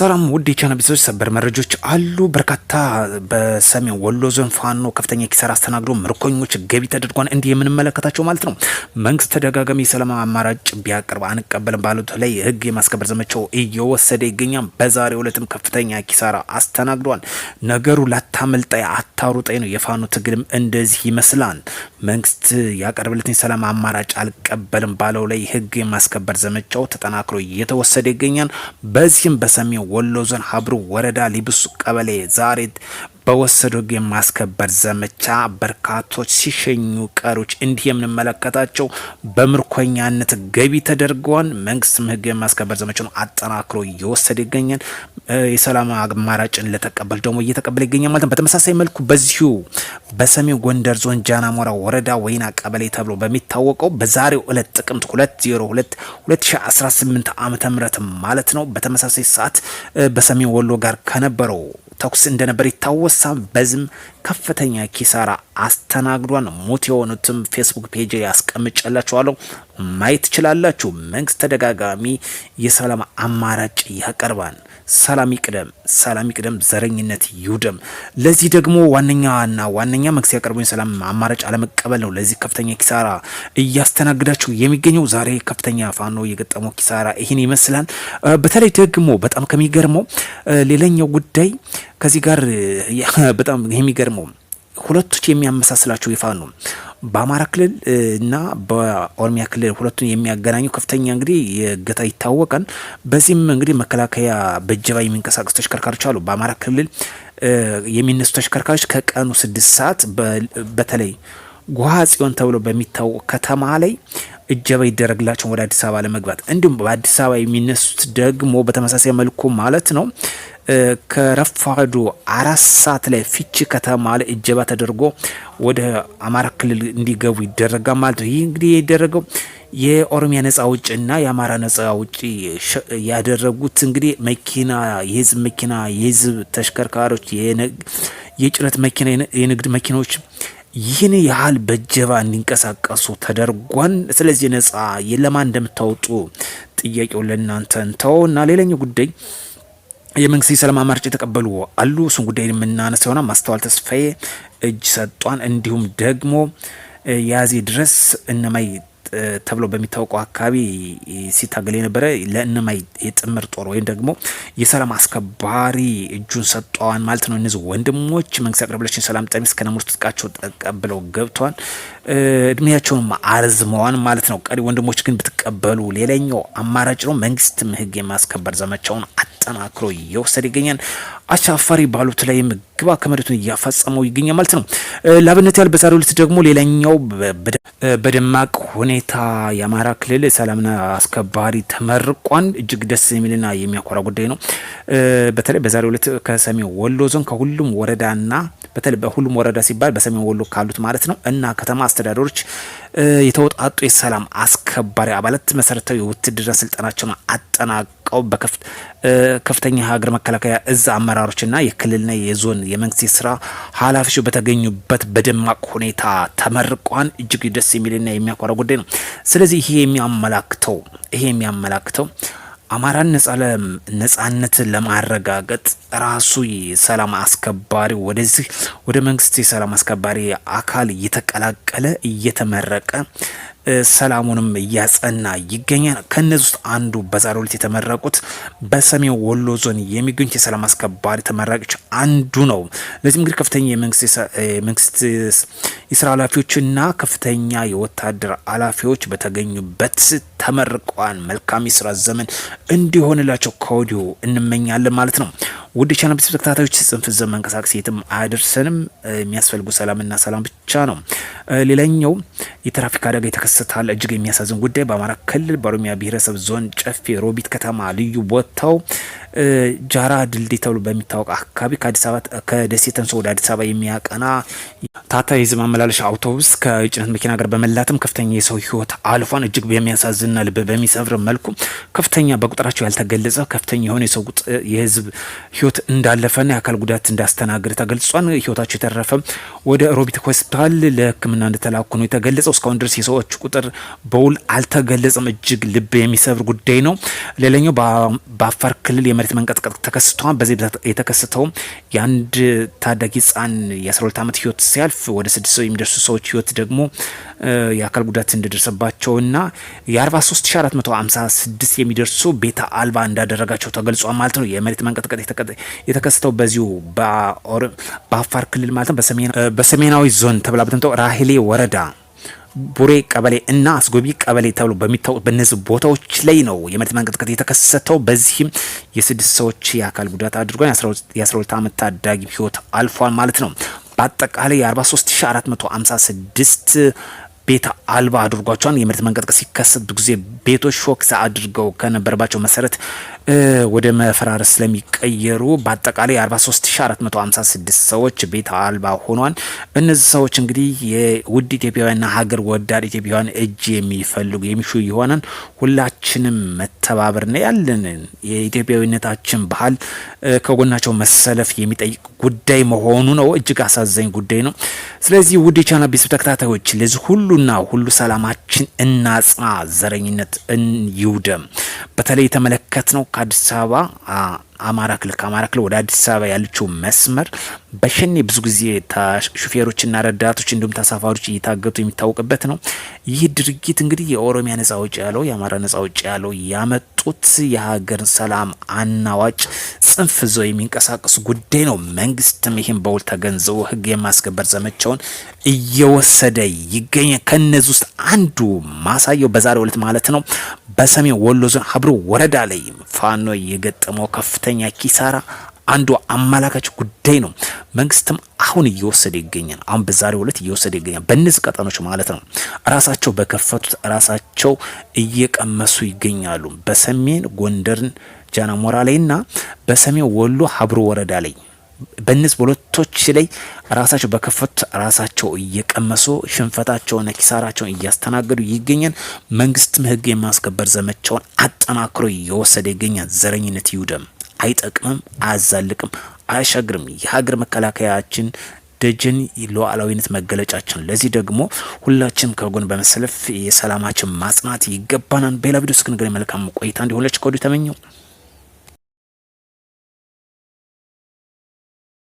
ሰላም ውድ የቻና ቤተሰቦች፣ ሰበር መረጃዎች አሉ። በርካታ በሰሜን ወሎ ዞን ፋኖ ከፍተኛ ኪሳራ አስተናግዶ ምርኮኞች ገቢ ተደርጓል። እንዲህ የምንመለከታቸው ማለት ነው። መንግስት ተደጋጋሚ የሰላም አማራጭ ቢያቀርብ አንቀበልም ባሉት ላይ ህግ የማስከበር ዘመቻው እየወሰደ ይገኛል። በዛሬው ዕለትም ከፍተኛ ኪሳራ አስተናግዷል። ነገሩ ላ አታመልጣይ፣ አታሩጠይ ነው። የፋኖ ትግልም እንደዚህ ይመስላል። መንግስት ያቀርብለትን ሰላም አማራጭ አልቀበልም ባለው ላይ ህግ የማስከበር ዘመቻው ተጠናክሮ እየተወሰደ ይገኛል። በዚህም በሰሜን ወሎ ዞን ሀብሩ ወረዳ ሊብሱ ቀበሌ ዛሬ በወሰደው ህግ የማስከበር ዘመቻ በርካቶች ሲሸኙ ቀሪዎች እንዲህ የምንመለከታቸው በምርኮኛነት ገቢ ተደርገዋል። መንግስትም ህግ የማስከበር ዘመቻውን አጠናክሮ እየወሰደ ይገኛል። የሰላም አማራጭን ለተቀበል ደግሞ እየተቀበለ ይገኛል ማለት ነው። በተመሳሳይ መልኩ በዚሁ በሰሜን ጎንደር ዞን ጃናሞራ ወረዳ ወይና ቀበሌ ተብሎ በሚታወቀው በዛሬው ዕለት ጥቅምት 202 2018 ዓመተ ምህረት ማለት ነው። በተመሳሳይ ሰዓት በሰሜን ወሎ ጋር ከነበረው ተኩስ እንደነበር ይታወሳል። በዚህም ከፍተኛ ኪሳራ አስተናግዷን ሙት የሆኑትም ፌስቡክ ፔጅ ያስቀምጨላችኋለሁ ማየት ትችላላችሁ። መንግስት ተደጋጋሚ የሰላም አማራጭ ያቀርባል። ሰላም ይቅደም፣ ሰላም ይቅደም፣ ዘረኝነት ይውደም። ለዚህ ደግሞ ዋነኛና ዋነኛ መንግስት ያቀርበኝ ሰላም አማራጭ አለመቀበል ነው። ለዚህ ከፍተኛ ኪሳራ እያስተናግዳችሁ የሚገኘው ዛሬ ከፍተኛ ፋኖ የገጠመው ኪሳራ ይህን ይመስላል። በተለይ ደግሞ በጣም ከሚገርመው ሌላኛው ጉዳይ ከዚህ ጋር በጣም የሚገርመው ሁለቶች የሚያመሳስላቸው ይፋ ነው። በአማራ ክልል እና በኦሮሚያ ክልል ሁለቱን የሚያገናኙ ከፍተኛ እንግዲህ የእገታ ይታወቃል። በዚህም እንግዲህ መከላከያ በጀባ የሚንቀሳቀሱ ተሽከርካሪዎች አሉ። በአማራ ክልል የሚነሱ ተሽከርካሪዎች ከቀኑ ስድስት ሰዓት በተለይ ጉሃ ጽዮን ተብሎ በሚታወቅ ከተማ ላይ እጀባ ይደረግላቸውን ወደ አዲስ አበባ ለመግባት እንዲሁም በአዲስ አበባ የሚነሱት ደግሞ በተመሳሳይ መልኩ ማለት ነው ከረፋዱ አራት ሰዓት ላይ ፊቺ ከተማ ላይ እጀባ ተደርጎ ወደ አማራ ክልል እንዲገቡ ይደረጋል ማለት ነው። ይህ እንግዲህ የደረገው የኦሮሚያ ነጻ አውጪና የአማራ ነጻ አውጪ ያደረጉት እንግዲህ መኪና የህዝብ መኪና የህዝብ ተሽከርካሪዎች፣ የጭነት መኪና፣ የንግድ መኪናዎች ይህን ያህል በእጀባ እንዲንቀሳቀሱ ተደርጓል። ስለዚህ ነጻ ለማን እንደምታወጡ ጥያቄው ለእናንተ እንተው እና ሌላኛው ጉዳይ የመንግስት የሰላም አማራጭ የተቀበሉ አሉ። እሱን ጉዳይ የምናነሳ ይሆናል። ማስተዋል ተስፋዬ እጅ ሰጧን። እንዲሁም ደግሞ ያዜ ድረስ እነማይ ተብሎ በሚታወቀው አካባቢ ሲታገል የነበረ ለእነማይ የጥምር ጦር ወይም ደግሞ የሰላም አስከባሪ እጁን ሰጧዋን ማለት ነው። እነዚህ ወንድሞች መንግስት ያቀረበላቸውን ሰላም ቀሚስ ከነሙሉ ትጥቃቸው ተቀብለው ገብተዋል። እድሜያቸውን አርዝመዋን ማለት ነው። ቀሪ ወንድሞች ግን ብትቀበሉ ሌላኛው አማራጭ ነው። መንግስትም ህግ የማስከበር ዘመቻውን አጠናክሮ እየወሰደ ይገኛል። አሻፋሪ ባሉት ላይ ምግባ ከመሬቱን እያፈጸመው ይገኛል ማለት ነው። ለአብነት ያህል በዛሬው ዕለት ደግሞ ሌላኛው በደማቅ ሁኔታ የአማራ ክልል ሰላምና አስከባሪ ተመርቋን እጅግ ደስ የሚልና የሚያኮራ ጉዳይ ነው። በተለይ በዛሬው ዕለት ከሰሜን ወሎ ዞን ከሁሉም ወረዳና በተለይ በሁሉም ወረዳ ሲባል በሰሜን ወሎ ካሉት ማለት ነው እና ከተማ አስተዳደሮች የተወጣጡ የሰላም አስከባሪ አባላት መሰረታዊ የውትድርና ስልጠናቸውን አጠናቅ የተጠናቀቀው ከፍተኛ ሀገር መከላከያ እዝ አመራሮችና የክልልና የዞን የመንግስት ስራ ኃላፊዎች በተገኙበት በደማቅ ሁኔታ ተመርቋን እጅግ ደስ የሚልና የሚያኮራ ጉዳይ ነው። ስለዚህ ይሄ የሚያመላክተው ይሄ የሚያመላክተው አማራን ነጻነት ለማረጋገጥ ራሱ የሰላም አስከባሪ ወደዚህ ወደ መንግስት የሰላም አስከባሪ አካል እየተቀላቀለ እየተመረቀ ሰላሙንም እያጸና ይገኛል። ከእነዚህ ውስጥ አንዱ በዛሬው ዕለት የተመረቁት በሰሜን ወሎ ዞን የሚገኙት የሰላም አስከባሪ ተመራቂዎች አንዱ ነው። ለዚህ እንግዲህ ከፍተኛ የመንግስት የስራ ኃላፊዎችና ከፍተኛ የወታደር ኃላፊዎች በተገኙበት ተመርቀዋል። መልካም የስራ ዘመን እንዲሆንላቸው ከወዲሁ እንመኛለን ማለት ነው። ውድ የቻናል ቤተሰብ ተከታታዮች ጽንፍ ይዘን መንቀሳቀስ የትም አያደርሰንም። የሚያስፈልጉ ሰላምና ሰላም ብቻ ነው። ሌላኛው የትራፊክ አደጋ የተከሰታል። እጅግ የሚያሳዝን ጉዳይ በአማራ ክልል በኦሮሚያ ብሔረሰብ ዞን ጨፌ ሮቢት ከተማ ልዩ ቦታው ጃራ ድልድይ ተብሎ በሚታወቅ አካባቢ ከአዲስ አበባ ከደሴ ተንሶ ወደ አዲስ አበባ የሚያቀና ታታ የህዝብ ማመላለሻ አውቶቡስ ከጭነት መኪና ጋር በመላትም ከፍተኛ የሰው ህይወት አልፏን። እጅግ በሚያሳዝንና ልብ በሚሰብር መልኩ ከፍተኛ በቁጥራቸው ያልተገለጸ ከፍተኛ የሆነ የሰው የህዝብ ህይወት እንዳለፈና የአካል ጉዳት እንዳስተናገደ ተገልጿን። ህይወታቸው የተረፈ ወደ ሮቢት ሆስፒታል ለህክምና እንደተላኩ ነው የተገለጸው። እስካሁን ድረስ የሰዎች ቁጥር በውል አልተገለጸም። እጅግ ልብ የሚሰብር ጉዳይ ነው። ሌላኛው በአፋር ክልል የመሬት መንቀጥቀጥ ተከስቷል። በዚህ የተከሰተው የአንድ ታዳጊ ህፃን የ12 ዓመት ህይወት ሲያልፍ ወደ ስድስት ሰው የሚደርሱ ሰዎች ህይወት ደግሞ የአካል ጉዳት እንደደረሰባቸውና የ43456 የሚደርሱ ቤተ አልባ እንዳደረጋቸው ተገልጿል ማለት ነው። የመሬት መንቀጥቀጥ የተከሰተው በዚሁ በአፋር ክልል ማለት ነው በሰሜናዊ ዞን ተብላ ብትምጠው ራሄሌ ወረዳ ቡሬ ቀበሌ እና አስጎቢ ቀበሌ ተብሎ በሚታወቁ በእነዚህ ቦታዎች ላይ ነው የመሬት መንቀጥቀጥ የተከሰተው። በዚህም የስድስት ሰዎች የአካል ጉዳት አድርጓል። የ12 ዓመት ታዳጊ ህይወት አልፏል ማለት ነው። በአጠቃላይ የ43456 ቤተ አልባ አድርጓቸዋል። የመሬት መንቀጥቀጥ ሲከሰት ብዙ ጊዜ ቤቶች ሾክ አድርገው ከነበረባቸው መሰረት ወደ መፈራረስ ስለሚቀየሩ በአጠቃላይ 43456 ሰዎች ቤት አልባ ሆኗል። እነዚህ ሰዎች እንግዲህ የውድ ኢትዮጵያውያንና ሀገር ወዳድ ኢትዮጵያውያን እጅ የሚፈልጉ የሚሹ ይሆናል። ሁላችንም መተባበር ያለንን የኢትዮጵያዊነታችን ባህል ከጎናቸው መሰለፍ የሚጠይቅ ጉዳይ መሆኑ ነው። እጅግ አሳዛኝ ጉዳይ ነው። ስለዚህ ውድ የቻናል ቤተሰብ ተከታታዮች ለዚህ ሁሉና ሁሉ ሰላማችን እናጽና፣ ዘረኝነት እንይውደም። በተለይ የተመለከት ነው ከአዲስ አበባ አማራ ክልል ከአማራ ክልል ወደ አዲስ አበባ ያለችው መስመር በሸኔ ብዙ ጊዜ ሹፌሮችና ረዳቶች እንዲሁም ተሳፋሪዎች እየታገቱ የሚታወቅበት ነው። ይህ ድርጊት እንግዲህ የኦሮሚያ ነጻ አውጪ ያለው የአማራ ነጻ አውጪ ያለው ያመጡት የሀገር ሰላም አናዋጭ ጽንፍ ይዘው የሚንቀሳቀሱ ጉዳይ ነው። መንግስትም ይህም በውል ተገንዝቦ ህግ የማስከበር ዘመቻውን እየወሰደ ይገኛል። ከነዚህ ውስጥ አንዱ ማሳየው በዛሬው ዕለት ማለት ነው በሰሜን ወሎ ዞን ሀብሮ ወረዳ ላይ ፋኖ የገጠመው ከፍተኛ ኪሳራ አንዱ አመላካች ጉዳይ ነው። መንግስትም አሁን እየወሰደ ይገኛል። አሁን በዛሬው ዕለት እየወሰደ ይገኛል። በእነዚህ ቀጠኖች ማለት ነው ራሳቸው በከፈቱት ራሳቸው እየቀመሱ ይገኛሉ። በሰሜን ጎንደርን ጃናሞራ ላይና በሰሜን ወሎ ሀብሮ ወረዳ ላይ በእነዚህ በሁለቶች ላይ ራሳቸው በከፈቱት ራሳቸው እየቀመሱ ሽንፈታቸውና ኪሳራቸውን እያስተናገዱ ይገኛል። መንግስትም ህግ የማስከበር ዘመቻውን አጠናክሮ እየወሰደ ይገኛል። ዘረኝነት ይውደም። አይጠቅምም፣ አያዛልቅም፣ አያሻግርም። የሀገር መከላከያችን ደጀን ሉዓላዊነት መገለጫችን። ለዚህ ደግሞ ሁላችን ከጎን በመሰለፍ የሰላማችን ማጽናት ይገባናል። በሌላ ቪዲዮ እስክንገናኝ መልካም ቆይታ እንዲሆንላችሁ ከወዲሁ ተመኘው።